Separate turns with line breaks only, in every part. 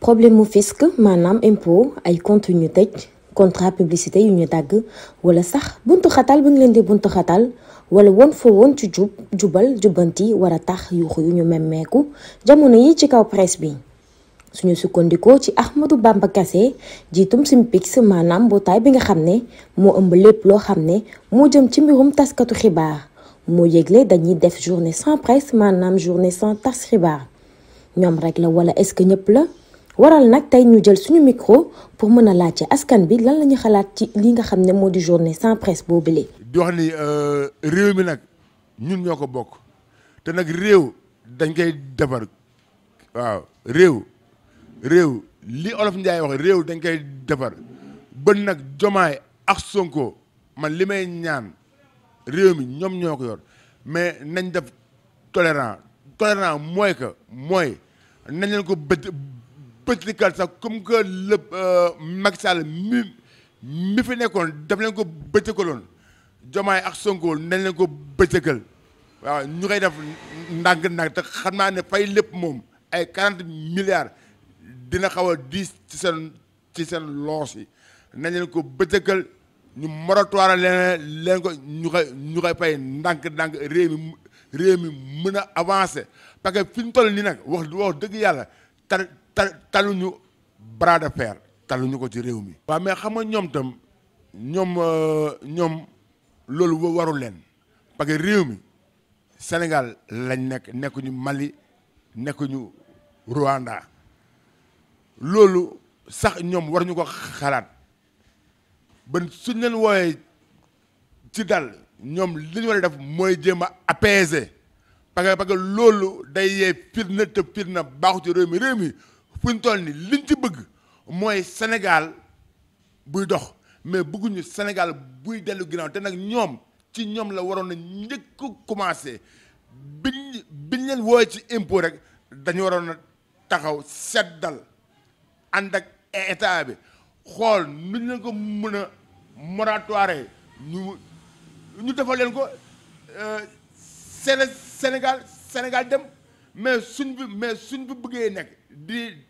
problème mu fisc manam impôt ay compte ñu contrat publicité yu ñu dagg wala sax buntu xatal bi nga leen di buntu xatal wala won fo won ci jub jubal Jubanti, wara tax yu xuyu ñu memeku jamono yi ci kaw presse bi suñu sukkandikoo ci Ahmadou Bamba Kassé jiitum Simpix manam, tay bi nga xam mo ëmb lepp lo xam mo jëm ci mbirum taskatu xibaar mo yeglé dañuy def journée sans presse manam journée sans tas xibaar rek la wala est-ce que a la waral nak tay ñu jël suñu micro pour mëna a laajte askan bi lan lañu xalaat ci li nga xam modi journée sans presse boobule.
di wax ni euh réew mi nak ñun ñoko bok té nak réew dañ koy défar waaw réew réew li olof Ndiaye wax réew dañ koy défar ba nak jomaay ak Sonko man limay ñaan réew mi ñom ñoko yor mais nañ def tolérant tolérant mooy que mooy nañ leen ko bët. petit carte sax comme que lépp euh, Macky Sall mi mi fi nekkoon daf leen ko bëccëgaloon Diomaye ak Sonko nañ leen ko bëccëgal waaw ñu koy def ndànk ndànk te xam naa ne fay lépp moom ay quarante milliards dina xaw a diis ci seen ci seen loos yi nañ leen ko bëccëgal ñu moratoire leen leen ko ñu koy ñu koy fay ndànk ndànk réew mi réew mi mën a avancer parce que fi ñu toll nii nag wax wax dëgg yàlla tal taluñu bras de fer taluñu ko ci réew mi. waaw mais xam nga ñoom tam ñoom euh, ñoom loolu warul leen parce que réew mi senegal lañ nekk nekkuñu Mali nekkuñu Rwanda loolu sax ñoom waruñu ñu ko xalaat ba suñ leen wooyee ci dal ñoom li ñu def mooy jéem a apaiser parce que parce que loolu day yee fitna te fitna baaxu ci réew mi réew mi. fu ñu toll ni liñ ci bëgg mooy Sénégal buy dox mais bëgguñu Sénégal buy dellu ginnaaw te nag ñoom ci ñoom la waroon na njëkk commencé biñ biñ leen wooye ci impôt rek dañu waroon na taxaw seddal ànd ak état bi xool nuñ leen ko mën a moratoire ñu defoo leen ko euh, Sénégal Sénégal dem mais suñ bi mais suñ bi buggee nekk di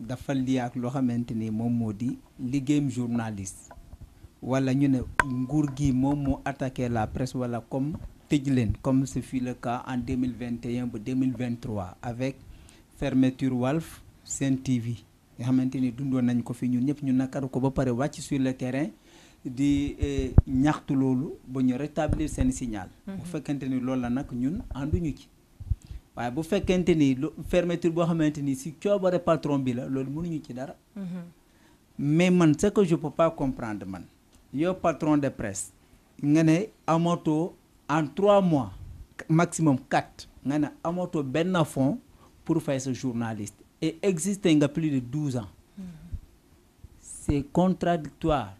D'afal lii ak lo xamanteni mom modi ligueum journaliste wala ñu ne nguur gi mom mo attaquer la presse wala comme tëj comme ce fut le cas en 2021 ba 2023 avec fermeture Walf Sen TV nga xamante ni nañ ko fi ñun ñep ñu nakaru ko ba paré wacc sur le terrain di eh, ñaxtu lolu ba ñu rétablir sen signal mm-hmm. bu fekkente lolu loolu la nag ñun ànduñu ci waaye bu fekkente ni lu fermeture boo xamante ni si coobare patron bi la loolu mënuñu ci dara. Mhm. mais man ce que je peux pas comprendre man yow patron de presse nga ne amatoo en trois mois maximum quatre nga ne amatoo benn fond pour faire ce journaliste et existé nga plus de douze ans. Mhm. c'est contradictoire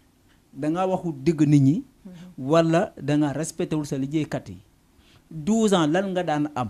da nga waxu dëgg nit ñi. Mhm. wala da nga respecté wul sa liggéeykat yi douze ans lan nga daan am.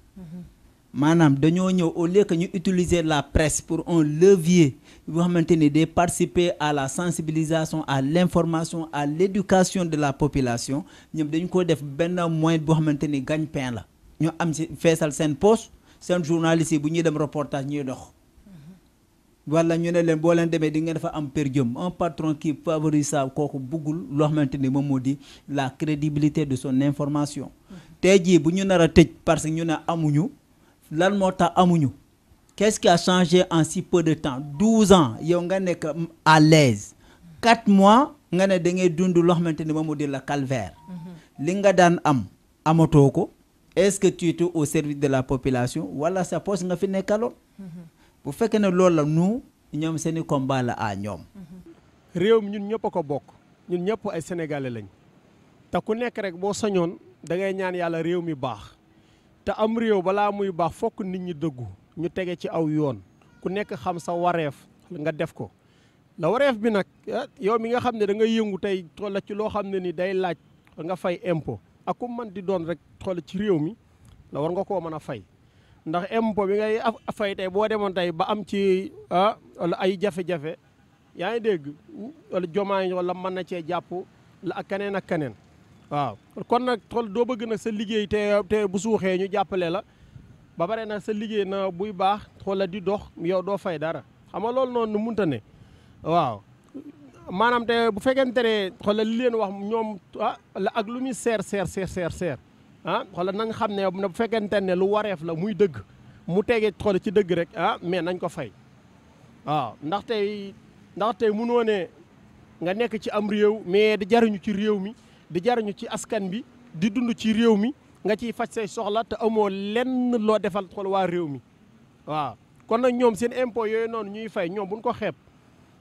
manam, dañoo ñëw au lieu que ñu utiliser la presse pour un levier boo xamante ni day participer à la sensibilisation à l'information à l'éducation de la population ñoom dañu ko def benn moyen boo xamante ni gagne-pain la ñu am ci feesal seen poste seen journaliste yi bu ñuy dem reportage ñuy dox wala ñu ne leen boo leen demee di nga fa am per diem un patron qui favorise ça kooku buggul loo xamante ni moom moo di la crédibilité de son information mmh. tey jii bu ñu nar a tëj parce que ñu ne amuñu lan moo amuñu qu'est-ce qui a changé en si peu de temps 12 ans yow nga nekk à l'aise 4 mois nga ne da ngay dund loo xamante ni di la calvaire mm-hmm. li nga daan am amatoo ko est-ce que tu es au service de la population wala sa poste nga fi nekalon. Mm-hmm. bu fekkee ne loolu nu ñoom seni combat la a ñoom mm-hmm.
réew mi ñun ñëpp ko bok. ñun ñëpp ay sénégalais lañ Ta ku nekk rek bo sañoon da ngay ñaan yalla réew mi baax te am réew balaa muy baax fokk nit ñi dëggu ñu tege ci aw yoon ku nekk xam sa wareef nga def ko la wareef bi nag ah, yow mi nga xam ne da nga yëngu tey xoola ci loo xam ne ni day laaj nga fay impôt ak ku man di doon rek xoola ci réew mi la war nga koo mën a fay ndax impôt bi ngay fay tey boo demoon tey ba am ci ah, wala ay jafe-jafe yaa ngi dégg wala jomaay wala mën na cee jàpp la ak keneen ak keneen waaw kon nag xool doo bëgg nag sa liggéey te te bu suuxee ñu jàppale la ba pare nag sa liggéey na buy baax xoola di dox yow doo fay dara xam nga loolu nu munta ne waaw maanaam te bu fekkente ne xoola li leen wax ñoom a ah, la ak lu muy seer seer seer seer seer ah xoola na xam ne bu fekkente ne lu wareef la muy dëgg mu tegee xoola ci dëgg rek ah mais nañ ko fay waaw ndax tey ndax tey mënoo ne nga nekk ci am réew mais di jariñu ci réew mi di jariñu ci askan bi di dund ci réew mi nga ciy faj say soxla te amoo lenn loo defal xol waa réew mi waaw kon nag ñoom seen impôt yooyu noonu ñuy fay ñoom buñ ko xeeb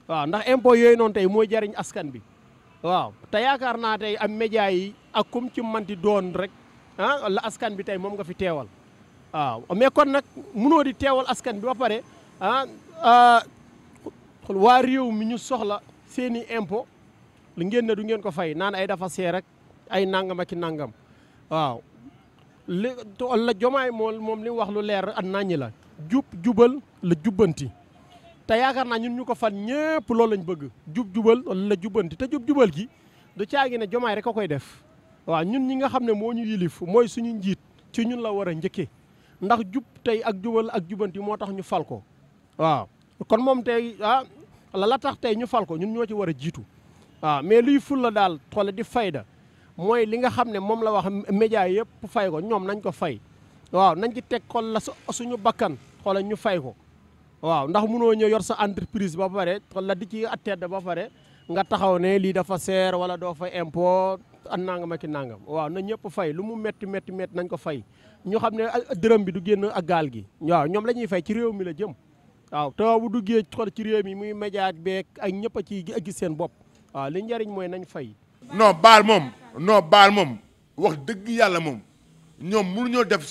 waaw ndax impôt yooyu noonu tey mooy jariñ askan bi waaw ta yaakaar naa tey am média yi ak kum ci manti doon rek ah la askan bi tey moom nga fi teewal waaw mais kon nag munoo di teewal askan bi ba pare ah, ah waa réew mi ñu soxla seeni impôt li ngeen ne du ngeen ko fay naan ay dafa seer rek ay nangam ak i nangam waaw li la jomaay moom moom li wax lu leer at naññi la jub jubal la jubbanti te yaakaar naa ñun ñu ko fan ñëpp loolu lañ bëgg jub jubal la jubbanti te jub jubal gi du caagi ne jomaay rek a koy def waaw ñun ñi nga xam ne moo ñu yilif mooy suñu njiit ci ñun la war a njëkkee ndax jub tey ak jubal ak jubanti moo tax ñu fal ko waaw kon moom tey ah la la tax tey ñu fal ko ñun ñoo ci war a jiitu waaw mais luy fulla daal xool di fayda mooy li nga xam ne moom la wax média yëpp fay ko ñoom nañ ko fay waaw nañ ci teg xool la suñu bakkan xoola ñu fay ko waaw ndax mënoo ñëw yor sa entreprise ba pare xool la di ci attedd ba pare nga taxaw ne lii dafa seer wala doo fa impôt ak nangam ak nangam waaw na ñëpp fay lu mu métti métti métti nañ ko fay ñu xam ne ah, dërëm bi du génn ak gaal gi waaw ñoom la ñuy fay ci réew mi la jëm waaw te du duggee xool ci réew mi muy média beeg ak ñëpp a gis seen bopp a ah, li njariñ mooy nañ fay. noo baal moom noo baal moom wax dëgg yàlla moom ñoom ñoo def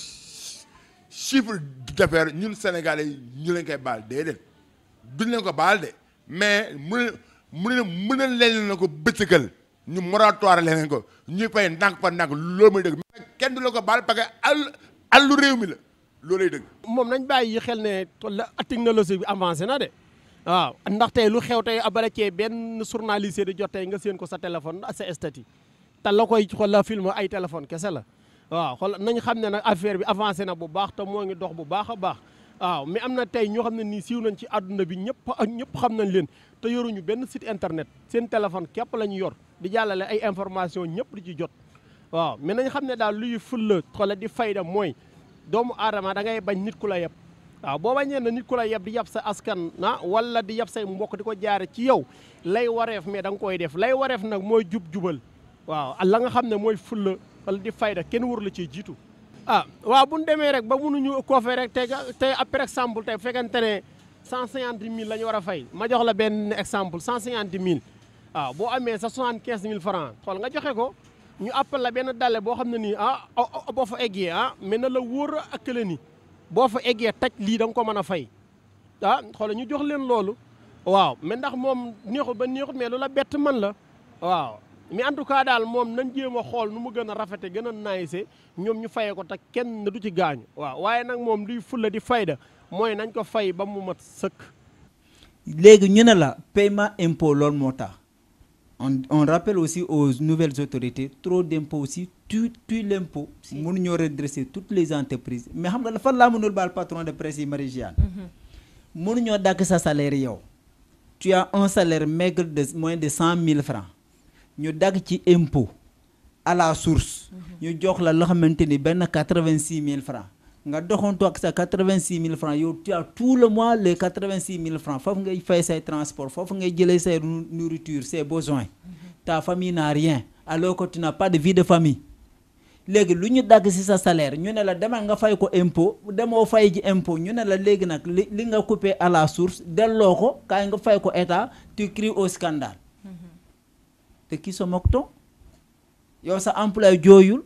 chiffre
d'affaires ñun Sénégalais yi ñu leen koy baal déedéet duñ leen ko baal de mais mun mën mën a na ko bëccëgal ñu moratoire leneen ko ñuy fay
ndànk fa ndànk loolu mooy dëgg mais kenn du la ko baal parce que àll àllu réew mi la loolay dëgg. moom nañ bàyyi xel ne la technologie bi avancé na de. waaw ndaxte lu xew tey abala cee benn journaliste di jot tey nga séen ko sa téléphone sa statut te la koy xool la film ay téléphone kese la waaw xool nañ xam ne nag affaire bi avancé na bu baax te moo ngi dox bu baax a baax waaw mais am na tey ñoo xam ne nii siiw nañ ci àdduna bi ñëpp ak ñëpp xam nañ leen te yoruñu benn site internet seen téléphone képp lañu yor di jàllale ay information ñëpp di ci jot waaw mais nañ xam ne daal luy fulla xool di fayda mooy doomu aadama da ngay bañ nit ku la yëpp waaw boo bañee na nit ku la yab di yab sa askan na wala di yab say mbokk di ko jaare ci yow lay wareef mais danga nga koy def lay wareef nag mooy jub jubal waaw la nga xam ne mooy fulla wala di fayda kenn waru la ciy jiitu ah waaw bu ñu demee rek ba mënuñu koofe rek tey tey après exemple tey fekkente ne cent cinquante mille la ñu war a fay ma jox la benn exemple cent cinquante mille waaw boo amee sa soixante quinze mille franc xool nga joxe ko ñu appel la benn dalle boo xam ne nii ah boo fa eggee ah mais na la wóor a akkale ni boo fa eggee taj lii da ko mën a fay ah xoolal ñu jox leen loolu waaw mais ndax moom neexut ba neexut mais lu la bett man la waaw mais en daal moom nañ jéem a xool nu mu gën a rafete gën a naayise ñoom ñu fayee ko te kenn du ci gaañu waaw waaye nag moom luy fulla di fayda mooy nañ ko fay ba mu mat sëkk
léegi ñu ne la paiement impôt loolu moo tax On, rappelle aussi aux nouvelles autorités, trop d'impôts aussi, tu l'impôt. Si. Nous redresser toutes les entreprises. Mais nous avons le patron de presse marégiane. Nous avons sa salaire. Tu as un salaire maigre de moins de 100 000 francs. Nous un impôt à la source. Nous avons 86 000 francs nga doxantu ak sa 86000 francs yow tu as tout le mois les 000 francs foofu ngay fay say transport foofu ngay jëlee say nourriture ses besoins ta famille n'a rien alors que tu n'as pas de vie de famille léegi lu ñu dagg ci sa salaire ñu ne la demal nga fay ko impôt demoo fay ji impôt ñu ne la léegi nag li li nga coupé à la source delloo ko kaay nga fay ko état tu cries au scandale mm-hmm. te qui se moque Tu yow sa employé jooyul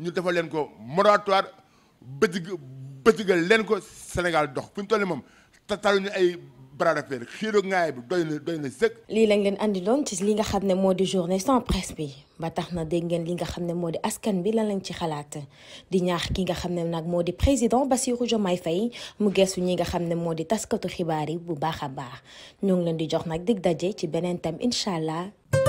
ñu defal leen ko moratoire bëtig bëtigal leen ko Sénégal dox fi ñu toll nii moom ñu ay bras de fer xiiroog ngaay bi doy na sëkk.
lii lañ leen indi andiloon ci li nga xam ne moo di journée sans bi ba tax na dégg ngeen nga xam ne moo di askan bi lan lañ ci xalaat di ñaax ki nga xam ne nag moo di président Bassirou Diomaye fay mu geesu ñi nga xam ne moo di taskatu xibaar yi bu baax baax ñoo ngi leen di jox nag dig daje ci beneen tam incha allah.